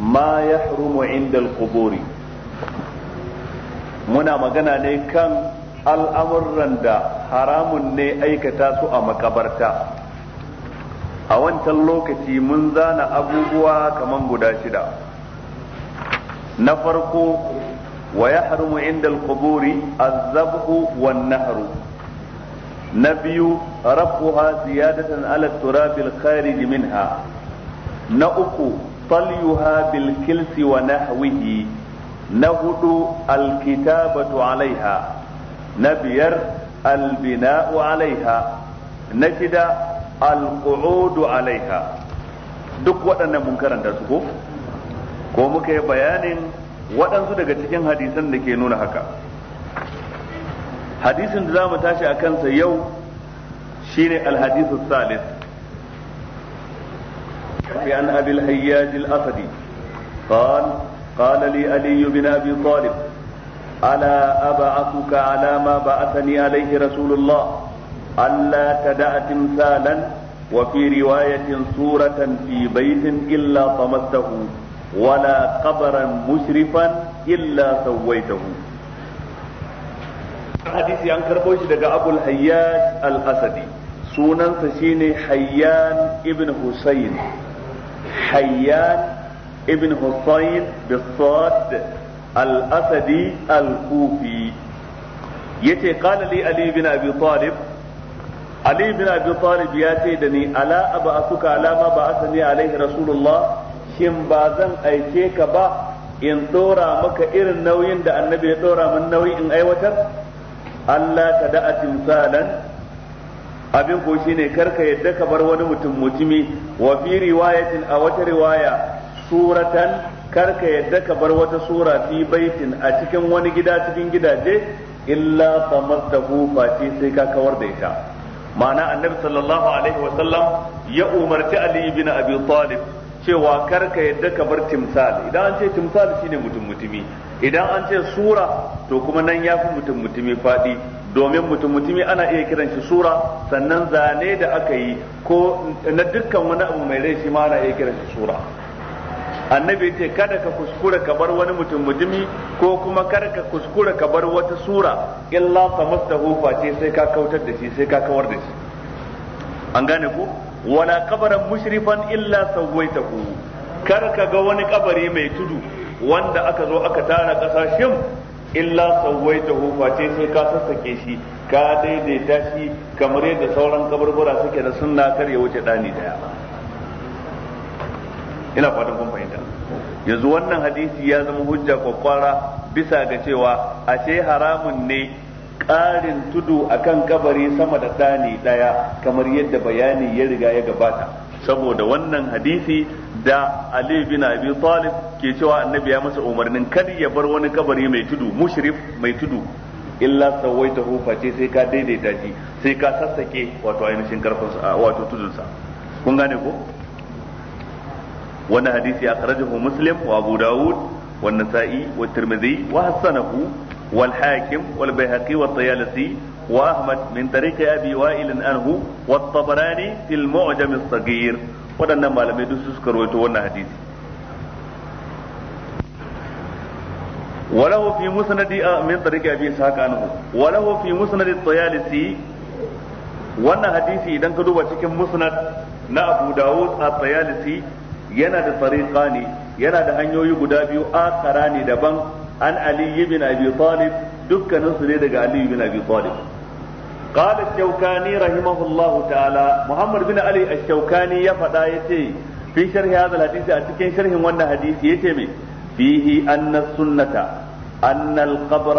ma yahrumu inda al muna magana ne kan al'amuran da haramun ne aikata su a makabarta a wancan lokaci mun zana abubuwa kaman guda shida na farko wa ya harumu inda al-quburi az-zabhu wan nahru na biyu rafuha ziyadatan ala turabil kharij minha na uku طليها بالكلس ونحوه نهد الكتابة عليها نبير البناء عليها نشد القعود عليها duk waɗannan mun karanta su ko ko muka yi bayanin waɗansu daga cikin hadisan da ke nuna haka hadisin da za mu tashi a kansa yau shine alhadisu salis الحارث عن أبي الهياج الأسدي قال قال لي علي بن أبي طالب ألا أبعثك على ما بعثني عليه رسول الله ألا تدع تمثالا وفي رواية صورة في بيت إلا طمسته ولا قبرا مشرفا إلا سويته حديثي عن كربوش لقى أبو الحياج الأسدي sunansa shine Hayyan ibn Husayn حيان ابن حسين بالصاد الأسدي الكوفي يتي قال لي علي بن أبي طالب علي بن أبي طالب ياتي دني ألا أبعثك على ما بعثني عليه رسول الله shin ba zan aike ka ba in ɗora maka irin nauyin da annabi ya ɗora min nauyi in aiwatar Allah ta da'a timsalan abin ko shine karka yadda ka bar wani mutum mutumi wa fi riwayatin a wata riwaya suratan karka yadda ka bar wata sura fi baitin a cikin wani gida cikin gidaje illa samastahu face sai ka kawar da ita ma'ana annabi sallallahu alaihi wasallam ya umarci ali ibn abi talib cewa karka ka yadda ka bar timsal idan an ce timsal shine mutum mutumi idan an ce sura to kuma nan yafi mutum mutumi fadi domin mutum mutumi ana iya kiran shi sura sannan zane da aka yi ko na dukkan wani abu mai rai shi ma ana iya kiran shi sura annabi ce kada ka kuskura ka bar wani mutum mutumi ko kuma kada ka kuskura ka bar wata sura illa samastahu face sai ka kautar da shi sai ka kawar da shi an gane ku wala kabaran mushrifan illa sawwaitahu kar ka ga wani kabari mai tudu wanda aka zo aka tara kasashen illa sawaitahu ce sai ka sassake shi ka daidaita shi kamar yadda sauran kaburbura suke da sunna kar ya wuce dani daya ina fatan kun fahimta yanzu wannan hadisi ya zama hujja kwakwara bisa ga cewa ashe haramun ne ƙarin tudu akan kabari sama da dani daya kamar yadda bayani ya riga ya gabata saboda wannan hadisi da Ali bin Abi Talib ke cewa annabi ya masa umarnin kar ya bar wani kabari mai tudu mushrif mai tudu illa sawaita hufa sai ka daidaita shi sai ka sassake wato ainihin karfin wato tudunsa kun gane ko wannan hadisi akhrajahu muslim wa abu daud wa nasa'i wa tirmidhi wa hasanahu wal hakim wal bayhaqi wa tayalisi wa ahmad min tariqi abi wa'il anhu wa at-tabarani fil mu'jam as-saghir waɗannan malamai duk su suka rawaito wannan hadisi وله في مسند من طريق ابي اسحاق عنه وله في مسند الطيالسي wannan hadisi idan ka duba cikin musnad na Abu Dawud at-Tayalisi yana da tariqa ne yana da hanyoyi guda biyu akara ne daban an Ali ibn Abi Talib dukkanin su ne daga Ali ibn Abi Talib قال الشوكاني رحمه الله تعالى محمد بن علي الشوكاني يفدا يتي في شرح هذا الحديث أتكين شرح وانا حديث يتي فيه أن السنة أن القبر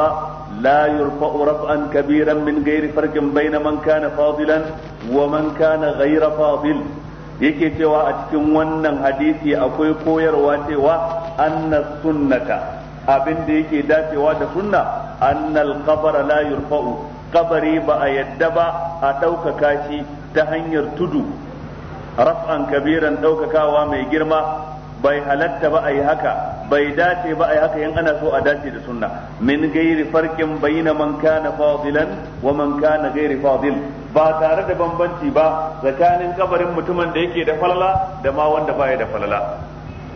لا يرفع رفعا كبيرا من غير فرق بين من كان فاضلا ومن كان غير فاضل yake cewa a cikin wannan hadisi akwai koyarwa cewa anna sunnata abin da yake dacewa da sunna annal qabr la yurfa'u kabari ba a yadda ba a ɗaukaka shi ta hanyar tudu raf'an kabiran ɗaukakawa mai girma bai halatta ba a yi haka bai dace ba a yi haka yan ana so a dace da sunna min gairi farkin bayyana man kana fadilan wa man kana gairi fadil ba tare da bambanci ba tsakanin kabarin mutumin da yake da falala da ma wanda baya da falala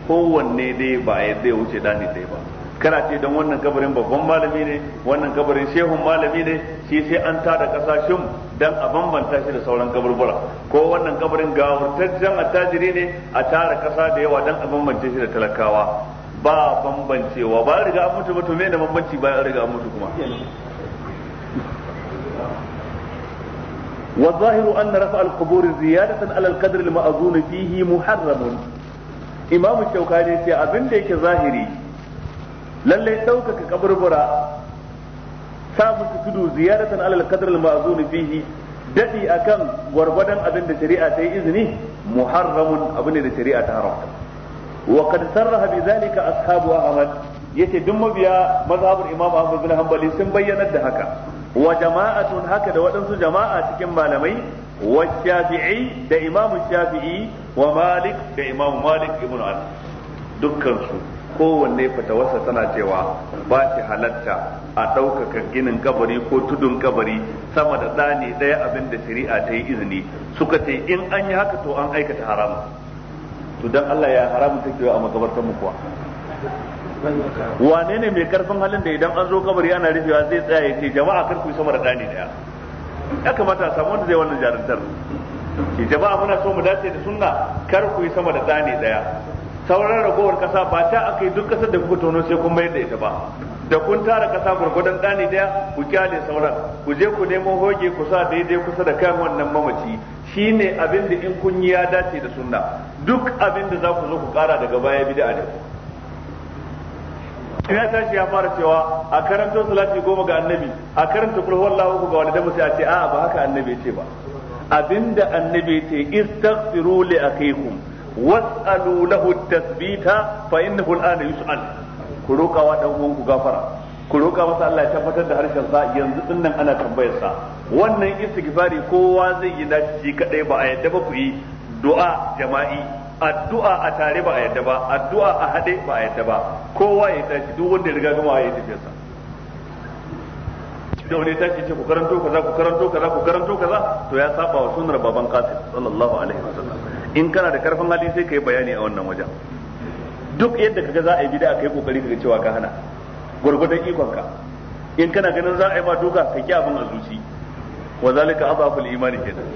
kowanne dai ba ya wuce dani dai ba kana ce don wannan kabarin babban malami ne wannan kabarin shehun malami ne shi sai an tada kasashen dan a bambanta shi da sauran kaburbura ko wannan kabarin gawurtaccen attajiri ne a tara kasa da yawa dan a bambance shi da talakawa ba bambancewa ba riga an mutu ba to me da bambanci ba riga an mutu kuma والظاهر أن رفع القبور زيادة على القدر المأذون فيه محرم إمام الشوكاني سي أبن ديك ظاهري lalle ɗaukaka kaburbura sa musu tudu ziyaratan alal qadr al ma'zun fihi dadi akan gwargwadon abin da shari'a ta yi izini muharramun abu ne da shari'a ta haramta wa kad sarraha bi zalika ashabu ahmad yace duk mabiya mazhabul imam ahmad bin hanbali sun bayyanar da haka wa jama'atun haka da waɗansu jama'a cikin malamai wa shafi'i da imam shafi'i wa malik da imam malik ibn anas dukkan su kowanne fatawarsa tana cewa ba shi halatta a ɗaukaka ginin kabari ko tudun kabari sama da ɗani ɗaya abin da shari'a ta yi izini suka ce in an yi haka to an aikata harama to dan Allah ya haramun take a makabartar mu kuwa wane ne mai karfin halin da idan an zo kabari ana rufewa zai tsaya ya ce jama'a kar ku sama da ɗani ɗaya ya kamata a samu wanda zai wannan jarumtar ke jama'a muna so mu dace da sunna kar ku yi sama da ɗani ɗaya sauran ragowar kasa ba ta aka yi duk kasar da kuka tono sai kun mayar da ita ba da kun tara kasa gurgudan ɗani daya ku kyale sauran ku je ku nemo hoge ku sa daidai kusa da kan wannan mamaci shine abin da in kun yi ya dace da sunna duk abin da za ku zo ku kara daga baya bid'a ne ta tashi ya fara cewa a karanto salati goma ga annabi a karanta kul huwallahu ga walidan sai a ce a'a ba haka annabi ya ce ba abinda annabi ya ce istaghfiru li akhikum was'alu lahu tasbita fa innahu al'ana yus'al ku roka wa dan uwanku gafara ku roka masa Allah ya tabbatar da harshen sa yanzu din nan ana tambayar sa wannan istighfari kowa zai yi nashi shi kadai ba a yadda ba ku yi du'a jama'i addu'a a tare ba a yadda ba addu'a a hade ba a yadda ba kowa ya tashi duk wanda ya riga gama ya tafi sa da wani tashi ce ku karanto kaza ku karanto kaza ku karanto kaza to ya saba wa sunnar baban qasim sallallahu alaihi wasallam in kana da karfin hali sai kai bayani a wannan wajen duk yadda kaga za a yi bid'a kai kokari kaga cewa ka hana gurgurdan ikon ka in kana ganin za a yi ma duka ka ki abin a zuci wa zalika adaful imani kenan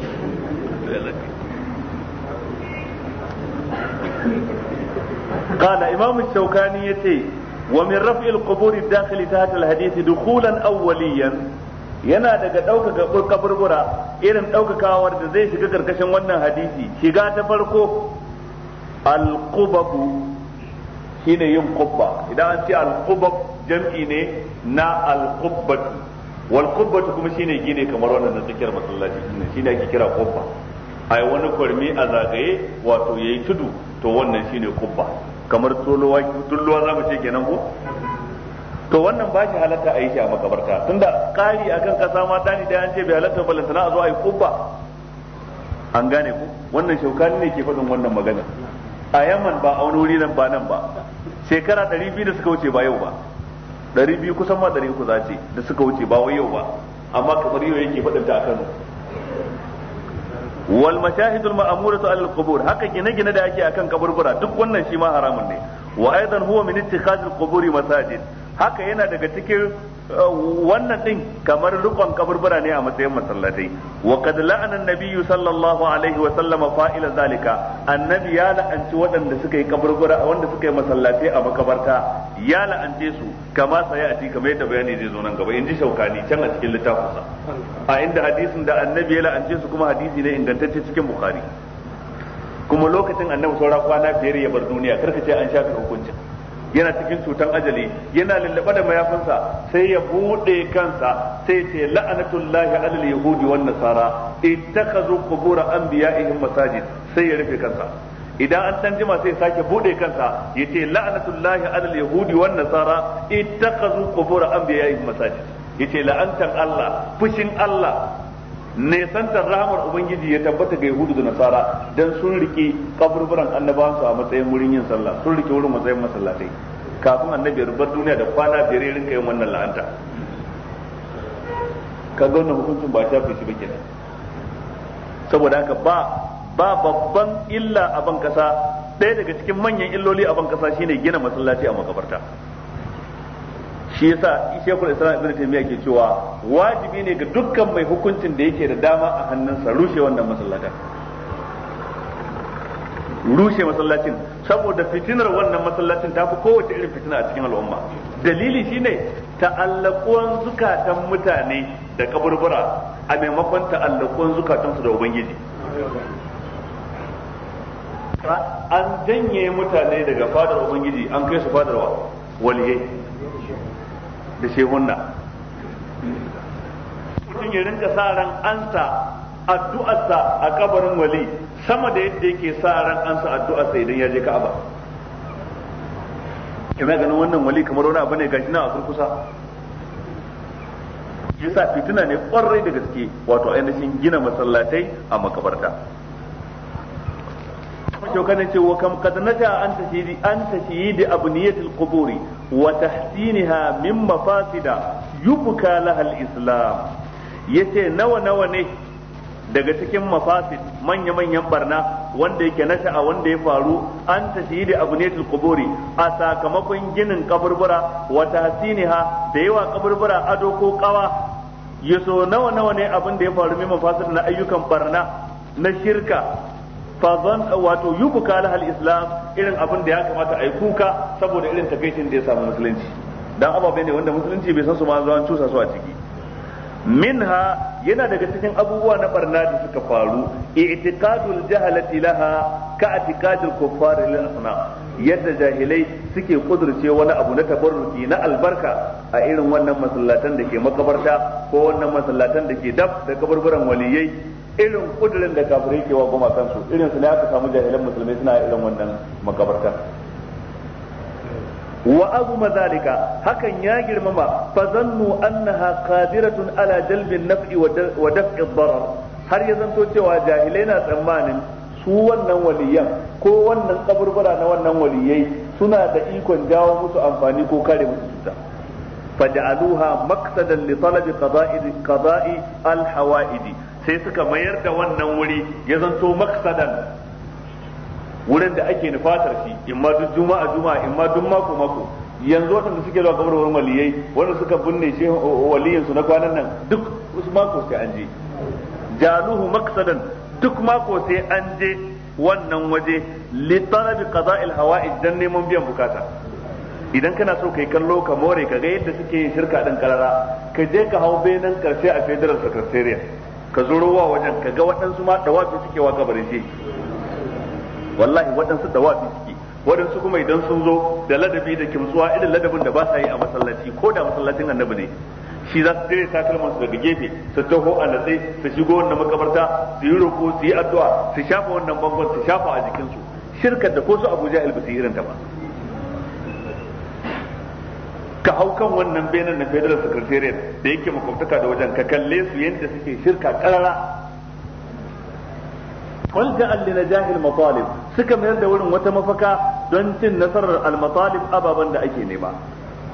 قال إمام الشوكاني يتي ومن رفع القبور الداخل تحت الحديث دخولا أوليا yana daga ɗaukaka kaburbura irin ɗaukakawar da zai shiga karkashin wannan hadisi shiga ta farko shi shine yin qubba idan an ce qubab jam'i ne na alqubbatu wal qubbatu kuma shine gine kamar wannan da tsakiyar masallaci shine ake kira qubba ai wani kwarmi a zagaye wato yayi tudu to wannan shine qubba kamar tuluwa tulluwa zamu ce kenan ko to wannan ba shi halatta a yi shi a makabarta tunda ƙari akan kasa ma ne da an ce bai halatta ba lantana a zo a yi kubba an gane ku wannan shaukani ne ke faɗin wannan maganar a yaman ba a wani wuri nan ba nan ba shekara ɗari biyu da suka wuce ba yau ba ɗari biyu kusan ma ɗari uku za ce da suka wuce ba wai yau ba amma kamar yau yake faɗin ta a Kano wal mashahidul ma'amuratu al qubur haka gine-gine da ake akan kaburbura duk wannan shi ma haramun ne wa aidan huwa min ittikhazil quburi masajid haka yana daga cikin uh, wannan din kamar rukon kaburbura ne a matsayin masallatai wa qad la'ana an-nabiyyu sallallahu alaihi wa sallama fa'ila zalika annabi ya la'anci waɗanda suka yi kaburbura wanda suka yi masallatai a makabarta ya la'ance su kama sai a ci kamar yadda bayani zai zo nan gaba inji shaukani can a cikin littafinsa a inda hadisin da annabi ya la'ance su kuma hadisi ne ingantacce cikin bukhari kuma lokacin annabi saura kwana biyar ya bar duniya karka ce an shafe hukuncin yana cikin cutan ajali yana lullube da mayafinsa sai ya bude kansa sai ce la'anatullahi alal yahudi wan nasara ittakhadhu qubur anbiya'ihim masajid sai ya rufe kansa idan an dan jima sai sake bude kansa yace la'anatullahi alal yahudi wan nasara ittakhadhu qubur anbiya'ihim masajid yace la'antan Allah fushin Allah nesantar rahamar ubangiji ya tabbata ga yahudu da nasara dan sun rike kaburburan annabawansu a matsayin wurin yin sallah sun rike wurin matsayin masallatai kafin annabi rubar duniya da kwana biyar ya rinka yin wannan la'anta ka ga wannan hukuncin ba shafe shi ba saboda haka ba ba babban illa a ban kasa ɗaya daga cikin manyan illoli a ban kasa shine gina masallaci a makabarta shi yasa shekul islam ibnu taymiya ke cewa wajibi ne ga dukkan mai hukuncin da yake da dama a hannunsa rushe wannan masallacin rushe masallacin saboda fitinar wannan masallacin ta fi kowace irin fitina a cikin al'umma dalili shine ta'allaquwan zukatan mutane da kaburbura a maimakon ta'allakuwan su da ubangiji an janye mutane daga fadar ubangiji an kai su fadar waliyai da shehunna mutum ya rinka sa ran ansa addu'arsa a kabarin wali sama da yadda yake sa ran ansa addu'arsa idan ya je ka'aba kuma ganin wannan wali kamar wani abu ne gashi na a kurkusa yasa fitina ne kwarai da gaske wato ainihin gina masallatai a makabarta to kana ce wa kam qad naja an tashidi an tashidi abniyatil quburi wa tahsinha min mafasida yubka laha islam yace nawa nawa ne daga cikin mafasid manya manyan barna wanda yake nasha'a wanda ya faru an tashidi abniyatil quburi a sakamakon ginin kaburbura wa tahsinha da yawa kaburbura ado ko kawa yaso nawa nawa ne abin da ya faru min mafasid na ayyukan barna na shirka fazan wato kala lahal islam irin abin da ya kamata a yi kuka saboda irin takaicin da ya samu musulunci dan ababe ne wanda musulunci bai san su ma zuwan cusa su a ciki minha yana daga cikin abubuwa na barna da suka faru i'tiqadul jahalati laha ka i'tiqadul kuffar lil asnam yadda jahilai suke kudurce wani abu na tabarruki na albarka a irin wannan masallatan da ke makabarta ko wannan masallatan da ke daf da kaburburan waliyai irin kudurin da kafirai ke wa goma kansu irin su ne aka samu jahilan musulmai suna irin wannan makabarta wa abu mazalika hakan ya girmama fa zannu annaha qadiratun ala jalbin naf'i wa daf'i darar har ya zanto cewa jahilai na tsammanin su wannan waliyan ko wannan kaburbura na wannan waliyai suna da ikon jawo musu amfani ko kare musu cuta faj'aluha maqsadan li talabi qada'i qada'i al hawaidi sai suka mayar da wannan wuri ya zanto maqsadan wurin da ake nufatar shi in ma duk juma'a juma'a in ma duk mako mako yanzu waɗanda suke zuwa kamar wurin waliyai wanda suka binne shi waliyin su na kwanan nan duk wasu mako sai an je jaluhu maqsadan duk mako sai an je wannan waje li talabi ilhawa hawa'ij dan neman biyan bukata idan kana so kai kallo ka more ka ga yadda suke yin shirka din karara ka je ka hau benen karshe a federal secretary ka zo ruwa wajen ka ga waɗansu ma da wafi suke wa gabarin shi wallahi waɗansu wafi suke waɗansu kuma idan sun zo da ladabi da kimtsuwa irin ladabin da ba sa yi a masallaci ko da masallacin annabi ne shi za su cire takalmansu daga gefe su taho a natsai su shigo wannan makabarta su yi roƙo su yi addu'a su shafa wannan bangon su shafa a jikinsu shirkar da ko su Abuja Jahil ba su irin ta ba ka hau kan wannan benin na federal secretariat da yake makwabtaka da wajen ka kalle su yadda suke shirka karara walja alli na jahil matalib suka mayar da wurin wata mafaka don cin nasarar al ababen da ake nema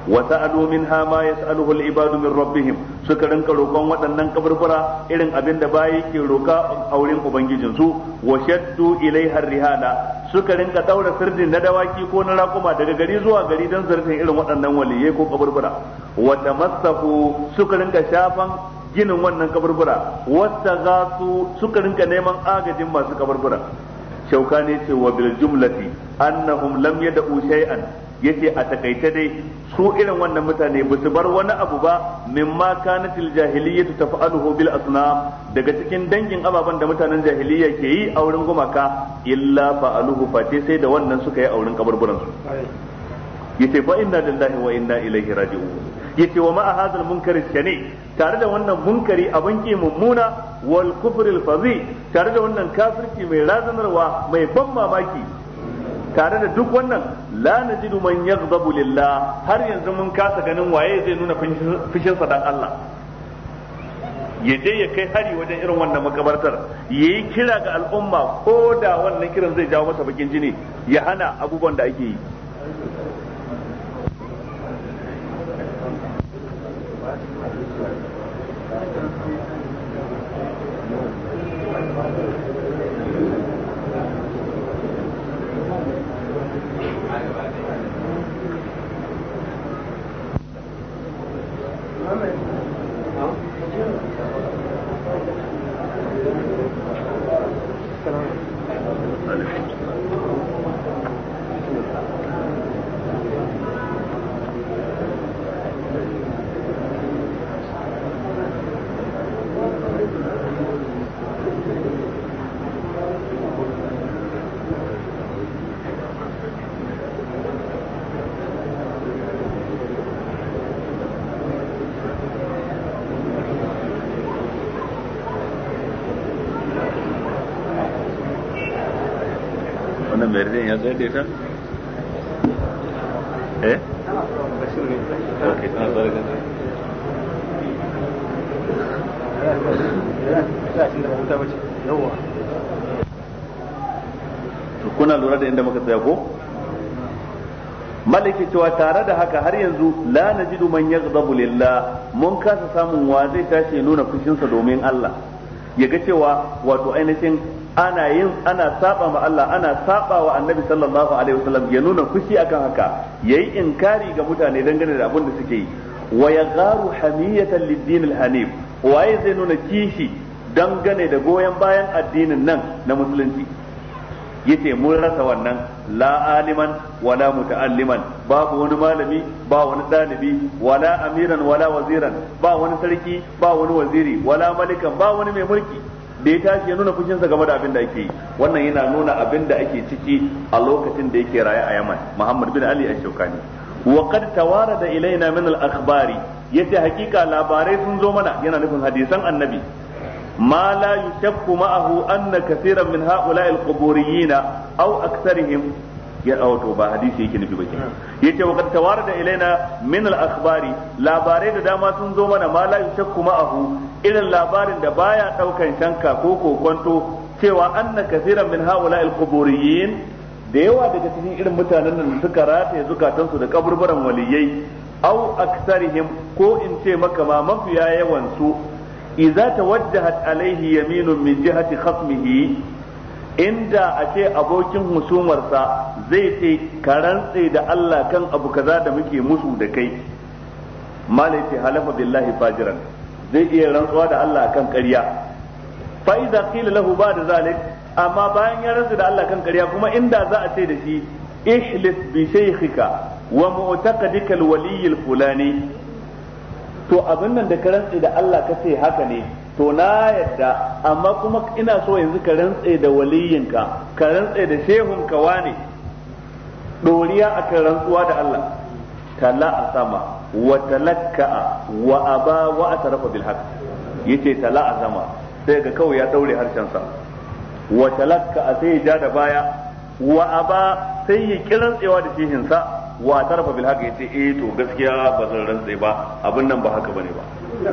wa sa'alu minha ma yas'aluhu al-ibadu min rabbihim roƙon waɗannan kaburbura irin abinda da bayi ke roƙa a wurin ubangijin su wa ilai ilaiha rihana sukarinka rinka daura na dawaki ko na raƙuma daga gari zuwa gari don zartin irin waɗannan waliyai ko kaburbura wa tamassahu suka shafan ginin wannan kaburbura wasta gasu suka rinka neman agajin masu kaburbura shaukani ce wa bil jumlati annahum lam yad'u shay'an yace a takaice dai su irin wannan mutane ba su bar wani abu ba mimma kanatil jahiliyyatu taf'aluhu bil asnam daga cikin dangin ababen da mutanen jahiliyya ke yi a wurin gumaka illa fa'aluhu face sai da wannan suka yi a wurin kaburburan su yace fa inna lillahi wa inna ilaihi raji'un yace wa ma hadzal munkari shani tare da wannan munkari abin ki mummuna wal kufril fazi tare da wannan kafirci mai razanarwa mai ban mamaki tare da duk wannan la najidu man yaghdabu lillah har yanzu mun kasa ganin waye zai nuna fushinsa dan Allah ya je ya kai hari wajen irin wannan makabartar ya yi kira ga al'umma ko da wannan kiran zai jawo masa bakin jini ya hana abubuwan da ake yi محمد din ya zai da eh da to kuna lura da inda muka tsaya ko maliki cewa tare da haka har yanzu la duman ya yaghdabu lillah mun kasa samun wa zai tashi nuna fushinsa domin Allah ya ga cewa wato ainihin ana yin ana saba ma Allah ana saba wa annabi sallallahu alaihi wasallam ya nuna fushi akan haka yayi inkari ga mutane dangane da abin da suke yi wa garu hamiyatan lid-din al-hanif waye zai nuna kishi dangane da goyon bayan addinin nan na musulunci yace mun rasa wannan la aliman wala muta'alliman babu wani malami ba wani dalibi wala amiran wala waziran ba wani sarki ba wani waziri wala malikan ba wani mai mulki da ya tashi ya nuna fushinsa game da abin da ake yi wannan yana nuna abin da ake ciki a lokacin da yake raye a Yaman Muhammad bin Ali Ashokani wa qad tawarada ilaina min al-akhbari yace hakika labarai sun zo mana yana nufin hadisan annabi la لا ma'ahu anna أن min ha'ula'i al-quburiyyin aw أكثرهم ya auto ba hadisi yake nufi bakin yace wa kad tawarada ilaina min al akhbari labarai da dama sun zo mana ma la yushakku ma'ahu irin labarin da baya daukan shanka ko kokonto cewa anna kathiran min haula al da yawa daga cikin irin mutanen nan suka rataye zukatansu da kaburburan waliyai aw aktsarihim ko in ce maka ma mafiya yawan su idza tawajjahat alayhi yaminun min jihati khasmihi inda a ce abokin husumarsa zai ce ka da Allah kan abu kaza da muke musu da kai malaiti halafa billahi fajiran zai iya rantsuwa da Allah kan ƙarya fa iza qila lahu ba'da zalik amma bayan ya rantsu da Allah kan ƙarya kuma inda za a ce da shi ihlis bi shaykhika wa mu'taqidika al-waliy fulani to abin nan da ka rantse da Allah ka ce haka ne to na yadda amma kuma ina so yanzu ka rantse da waliyinka ka rantse da shehunka wane doriya akan rantsuwa da Allah kalla a sama wa talakka'a wa aba wa atarafa bil haqq yace azama sai ga kawai ya daure harshen sa wa talakka'a sai ya ja da baya wa aba sai ya kiran tsewa da shehin sa wa atarafa bil haqq yace eh to gaskiya ba zan rantsa ba abin nan ba haka bane ba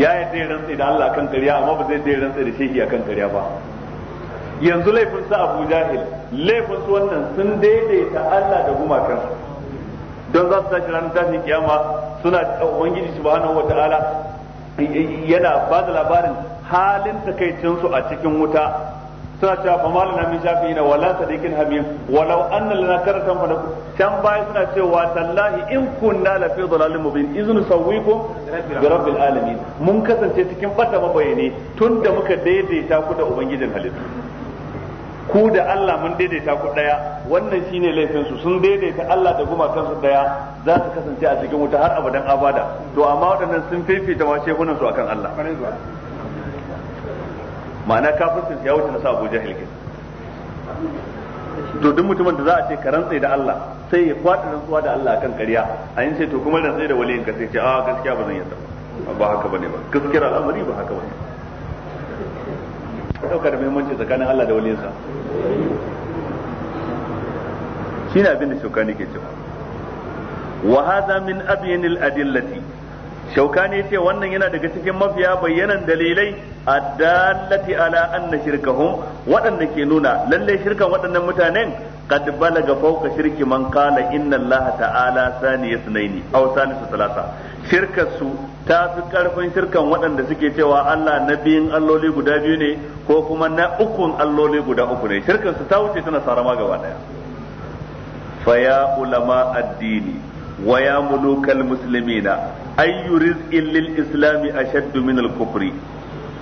ya yi zai rantsa da Allah kan kariya amma ba zai dai rantsa da shehi akan kariya ba yanzu laifin sa Abu Jahil laifin su wannan sun daidaita Allah da gumakan don za su tashi ranar tashin kiyama suna ubangiji subhanahu ala yana ba da labarin halin takaicinsu a cikin wuta suna cewa fa na min yana wala sadiqin hamim walau anna lana karatan fa can baya suna cewa tallahi in kunna la fi dhalalin mubin iznu sawwikum bi rabbil alamin mun kasance cikin bata mabayane tunda muka daidaita ku da ubangijin halittu ku da Allah mun daidaita ku daya wannan shine laifin su sun daidaita Allah da gumakan su daya za su kasance a cikin wuta har abadan abada to amma waɗannan sun fifita ma shehunan su akan Allah ma'ana kafircin ya wuce na sa Abuja Jahil ke to duk mutumin da za a ce ka rantse da Allah sai ya kwaɗa rantsuwa da Allah akan ƙarya a yin sai to kuma rantse da waliyin ka sai ce a ah, gaskiya ba zan yi ba haka bane ba gaskiyar al'amari ba haka bane ba dauka da muhimmanci tsakanin Allah da shi ne abin da shaukani ke cewa wa hadha min abyanil adillati shaukani ce wannan yana daga cikin mafiya bayyanan dalilai addallati ala anna shirkahum waɗanda ke nuna lalle shirkan waɗannan mutanen qad balaga fawqa shirki man qala inna Allah ta'ala saniyatu naini aw salisu salasa shirkar su ta fi karfin shirkan waɗanda suke cewa Allah na biyun alloli guda biyu ne ko kuma na ukun alloli guda uku ne shirkan su ta wuce tana sarama gaba daya fa ya ulama addini wa ya mulukal muslimina ayyu rizqin lil islami ashaddu min al kufri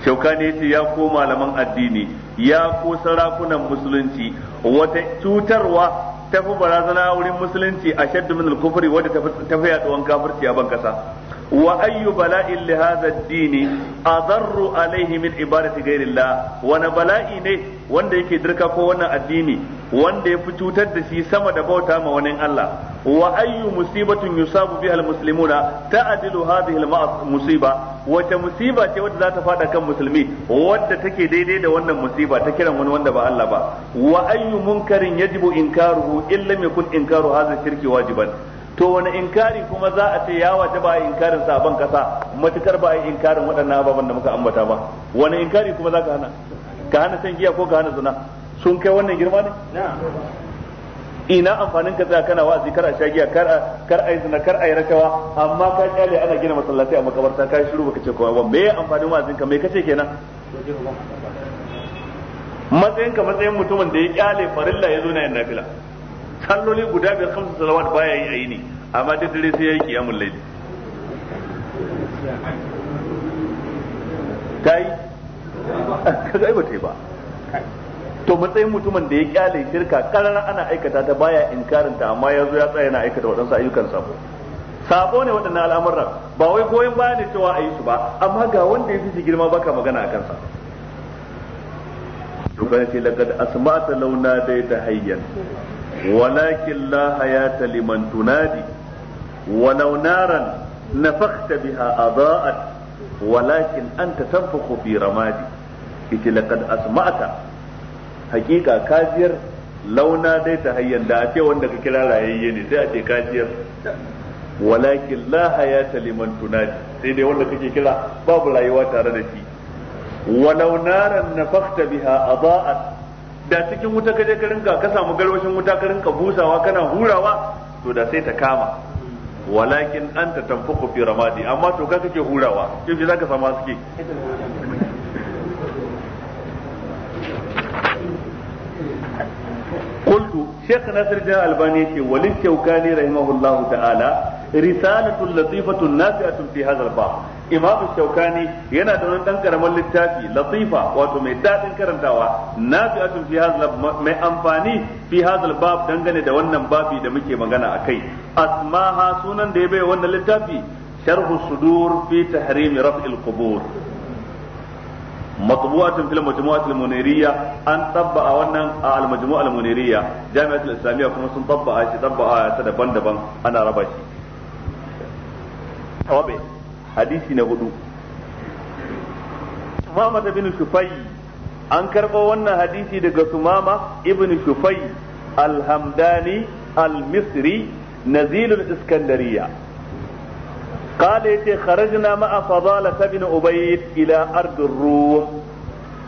shaukani yace ya ko malaman addini ya ko sarakunan musulunci wata cutarwa tafi barazana wurin musulunci ashaddu min al kufri wadda tafi yaduwan kafirci a ban kasa وأي bala'in lihazaddini, azarru أضر ibada ta عبادة غير bala'i ne wanda yake dirka ko wannan addini wanda ya fi cutar da shi sama da bauta ma wani Allah wa ayyu musibatin yusabu biha almuslimuna ta'dilu hadhihi musiba wata musiba ce wadda zata ta fada kan musulmi wadda take daidai da wannan musiba ta kiran wani wanda ba Allah ba wa munkarin yajibu inkaruhu illa yakun inkaru hadha shirki wajiban to wani inkari kuma za a ce ya waje ba a inkarin sabon kasa matukar ba a inkarin waɗannan ababen da muka ambata ba wani inkari kuma za ka hana ka hana san giya ko ka hana zina sun kai wannan girma ne ina amfanin ka tsaya kana wa'azi kar a sha giya kar a kar a zina kar a yi rashawa amma ka kyale ana gina masallaci a makabarta ka shiru baka ce kowa ba me ya amfanin wa'azin ka me kace kenan matsayin ka matsayin mutumin da ya kyale farilla ya zo na yin nafila kalloli guda biyar kamsu salawat baya yi a yi ne amma da dare sai ya yi ta yi ba ta ba to matsayin mutumin da ya kyale shirka karara ana aikata ta baya ta amma ya zo ya tsaya yana aikata waɗansu ayyukan sabo sabo ne waɗannan al'amuran ba wai goyon baya ne cewa a yi su ba amma ga wanda ya fi girma baka magana a kansa to ce lakad asma'ta launa dai ta hayyan walakin la hayata liman tunadi walau naran nafakhta biha adaa'at walakin anta tanfukhu fi ramadi ita laqad asma'ata hakika kajiyar launa dai ta hayyan da a ce wanda ka kira rayayye ne sai a ce kajiyar walakin la hayata liman tunadi sai dai wanda kake kira babu rayuwa tare da shi walau naran nafakhta biha da cikin wuta ka je ka rinka ka samu garwashin wuta ka rinka busawa kana hurawa to da sai ta kama walakin anta tanfuku fi ramadi amma to ka kake hurawa za zaka samu haske قلت شيخ ناصر الدين الألباني وللشوكاني رحمه الله تعالى risalatul latifatun nafi'atun fi hadha al-bab imam shaukani yana da wani dan karaman littafi latifa wato mai dadin karantawa nafi'atun fi hadha mai amfani fi hadha bab dangane da wannan babi da muke magana akai ha sunan da ya bai wannan littafi sharhu sudur fi tahrim raf'il qubur مطبوعة في المجموعة المنيرية أن al ونن على sun المنيرية جامعة الإسلامية كما a أشي daban-daban ana raba shi. tawabe hadisi na hudu an karɓo wannan hadisi daga Sumama ibn Shufai al-Hamdani al-Misri nazilul Iskandariya قال يتي خرجنا مع فضالة بن أبيد إلى أرض الروم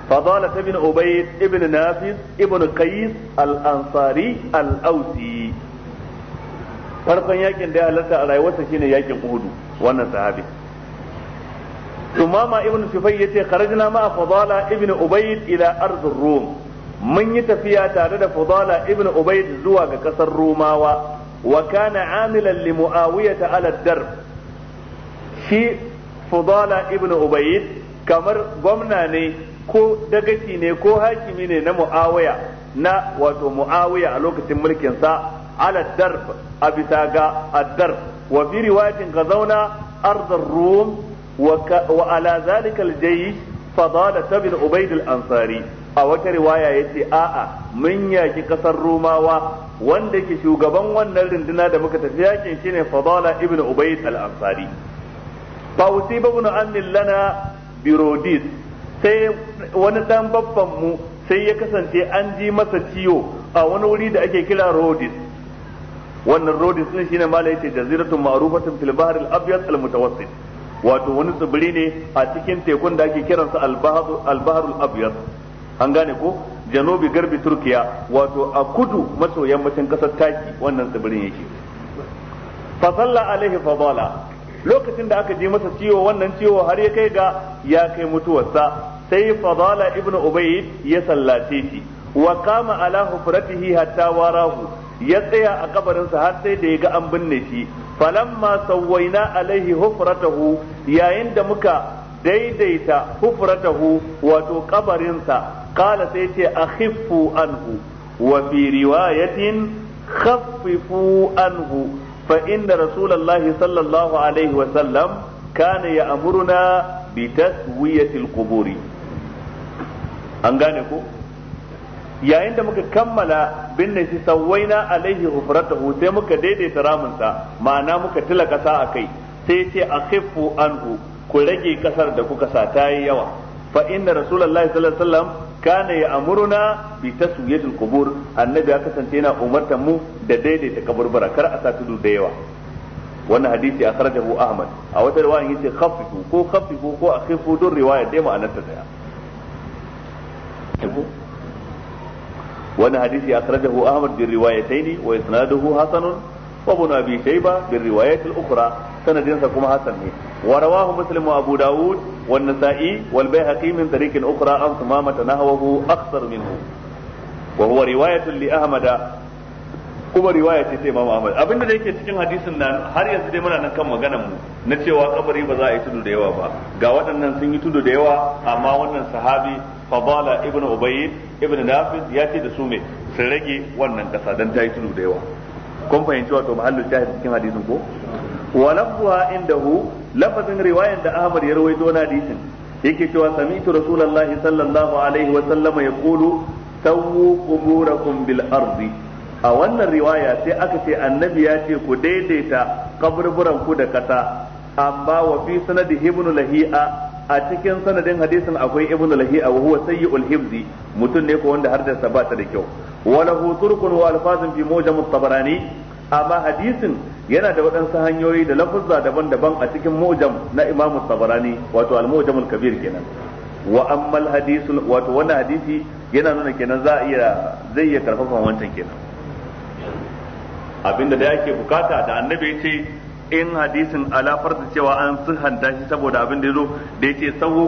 فضالة بن Nafis ابن نافذ ابن قيس الأنصاري الأوسي farkon yakin da ya halarta a rayuwarsa shine yakin uhudu wannan sahabi umama ibn ya yace kharajna ma fadala ibn ubayd ila ardh rum mun yi tafiya tare da fadala ibn ubayd zuwa ga kasar rumawa wa kana amilan li muawiyah ala darb shi fadala ibn ubayd kamar gwamna ne ko dagaci ne ko hakimi ne na muawiya na wato muawiya a lokacin mulkin sa ala a bisa ga addar wa fi zauna gazauna ardar rum wa ala zalika aljayish fadala a wata riwaya yace a'a mun yaki kasar rumawa wanda ke shugaban wannan runduna da muka tafi yakin shine fadala ibn ubayd al-ansari fa usiba ibn lana birodis sai wani dan babban mu sai ya kasance an ji masa ciwo a wani wuri da ake kira rodis wannan rodis din shine mala yace jaziratun ma'rufatun fil bahr al abyad al mutawassit wato wani tsibiri ne a cikin tekun da ake kiransa al bahr al abyad an gane ko janobi garbi turkiya wato a kudu maso yammacin kasar taki wannan tsibirin yake fa salla alaihi fadala lokacin da aka ji masa ciwo wannan ciwo har ya kai ga ya kai mutuwarsa sai fadala ibnu ubayd ya sallace shi wa kama ala hufratihi hatta warahu ya tsaya a kabarinsa har sai da ya ga an binne shi falamma sawwaina alaihi hufratahu yayin da muka daidaita hufratahu wato kabarinsa qala sai ce akhiffu anhu wa fi riwayatin khaffifu anhu fa inna rasulullahi sallallahu alaihi wa sallam kana ya'muruna bi taswiyatil quburi an gane ko yayin da muka kammala binne shi sawaina alaihi hufratahu sai muka daidaita ramunsa ma'ana muka tila kasa a kai sai ce a khifu anhu ku rage kasar da kuka sa ta yi yawa fa inna rasulullahi sallallahu alaihi wasallam kana ya amuruna bi taswiyatil qubur annabi ya kasance yana umartar mu da daidaita kaburbura kar a sa tudu da yawa wannan hadisi akhrajahu ahmad a wata riwaya yace khaffifu ko khaffifu ko akhifu dun riwaya dai ma'anar ta daya wani hadisi akhrajahu ahmad bi riwayataini wa isnaduhu hasanun wa ibn abi shayba bi riwayat al ukura sanadinsa kuma Hassan ne warawahu rawahu muslim abu daud wa an-nasa'i wal bayhaqi min tariq ukhra an sumama nahwahu akthar minhu wa huwa riwayatun kuma riwaya ce ta Imam Ahmad abinda da yake cikin hadisin nan har yanzu dai muna nan kan maganar mu na cewa kabari ba za a yi tudu da yawa ba ga waɗannan sun yi tudu da yawa amma wannan sahabi Fadala ibn Ubay ibn Nafis ya ce da su me su rage wannan kasa dan ta yi tudu da yawa kun fahimci wato mahallu shahid cikin hadisin ko wa indahu lafazin riwayan da Ahmad ya rawaito na hadisin yake cewa sami'tu rasulullahi sallallahu alaihi wa sallama yaqulu sawu quburakum bil ardi a wannan riwaya sai aka ce annabi ya ce ku daidaita kaburburan ku da kasa amma wa fi sanadi ibnu lahi'a a cikin sanadin hadisin akwai ibnu lahi'a wa huwa sayyul hibzi mutum ne ko wanda har da sabata da kyau wala hu turqun wa alfazun fi mujam tabarani amma hadisin yana da waɗansu hanyoyi da lafuzza daban-daban a cikin mujam na imam tabarani wato al-mujam kabir kenan wa al hadisul wato wannan hadisi yana nuna kenan za a iya zai iya karfafa wancan kenan abinda da yake bukata da annabi ya ce in hadisin ala cewa an sihanta shi saboda abin da ya zo da ya ce sawo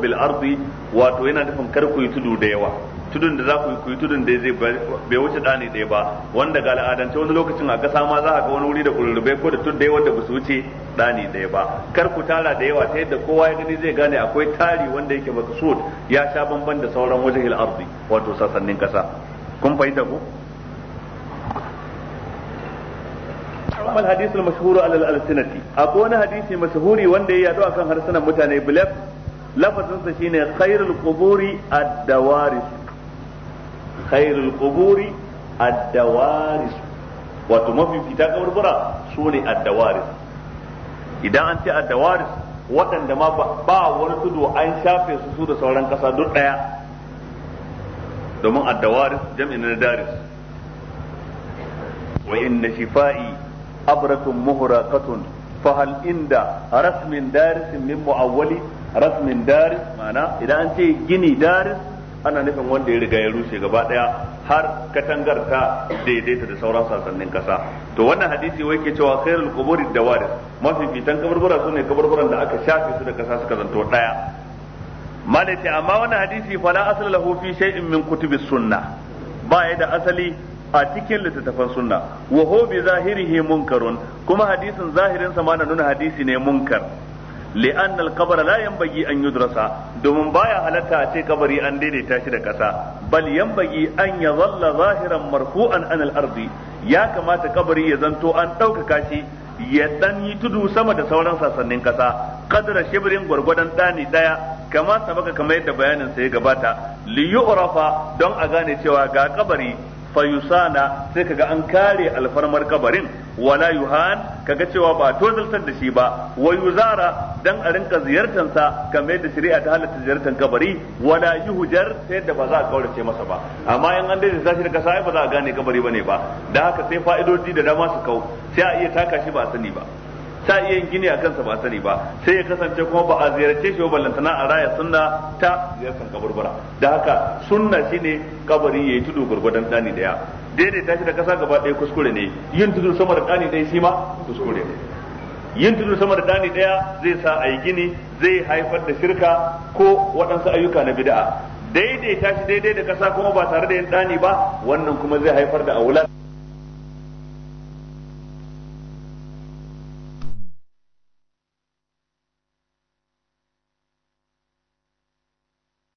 bil ardi wato yana nufin kar ku yi tudu da yawa tudun da za ku yi tudun da zai bai wuce ɗani ɗaya ba wanda ga al'adance wani lokacin a kasa ma za a ga wani wuri da kururube ko da tudun da wanda ba su wuce ɗani ɗaya ba kar ku tara da yawa ta yadda kowa ya gani zai gane akwai tari wanda yake maksud ya sha bamban da sauran wajen ardi wato sassanin ƙasa kun fahimta ku. amma al-hadith al-mashhur ala akwai wani hadisi mashhuri wanda ya a kan harsunan mutane bilaf lafazin sa shine khairul quburi ad-dawaris khairul quburi ad-dawaris wato mafi fita kaburbura sune ad-dawaris idan an ci ad-dawaris waɗanda ma ba wani tudu an shafe su su da sauran kasa duk ɗaya domin ad-dawaris jam'in na daris wa inna shifa'i abratun muhraqatun fa hal inda rasmin daris min muawwali rasmin daris ma'ana idan an ce gini daris ana nufin wanda ya riga ya rushe gaba daya har katangar ta daidaita da sauran sassanin kasa to wannan hadisi wai ke cewa khairul quburi dawaris mafifitan kaburbura sune kaburburan da aka shafe su da kasa suka zanto ɗaya. malai amma wannan hadisi fala asala lahu fi shay'in min kutubi sunna ba ya da asali a cikin littattafan sunna wa hu bi zahirihi munkarun kuma hadisin zahirin sa ma nuna hadisi ne munkar li'an al-qabr la yanbaghi an yudrasa domin baya halatta a ce kabari an daidaita shi da kasa bal yanbaghi an ya yadhalla zahiran marfu'an an al-ardi ya kamata kabari ya zanto an ɗaukaka shi ya dan yi tudu sama da sauran sassanin kasa qadra shibrin gwargwadon dani daya kama sabaka kamar yadda bayanin sa ya gabata li yu'rafa don a gane cewa ga kabari fayusana sai kaga an kare alfarmar kabarin wala yuhan kaga cewa ba tozaltar da shi ba wa yuzara dan a rinka ziyartar sa kamar da shari'a ta halatta ziyartar kabari wala yuhjar sai yadda ba za a kaurace masa ba amma in an dai zai da kasa ba za a gane kabari bane ba da haka sai fa'idodi da dama su kau sai a iya taka shi ba sani ba ta iya yin gini a kansa ba sani ba sai ya kasance kuma ba a ziyarce shi ba lantana a raya sunna ta ziyartar kaburbura da haka sunna shine kabari yayi tudu gurgudan dani daya daidaita shi da kasa gaba ɗaya kuskure ne yin tudu sama da dani ɗaya shi ma kuskure ne yin tudu sama da dani daya zai sa a yi gini zai haifar da shirka ko waɗansu ayyuka na bid'a daidaita shi daidai da kasa kuma ba tare da yin dani ba wannan kuma zai haifar da aulad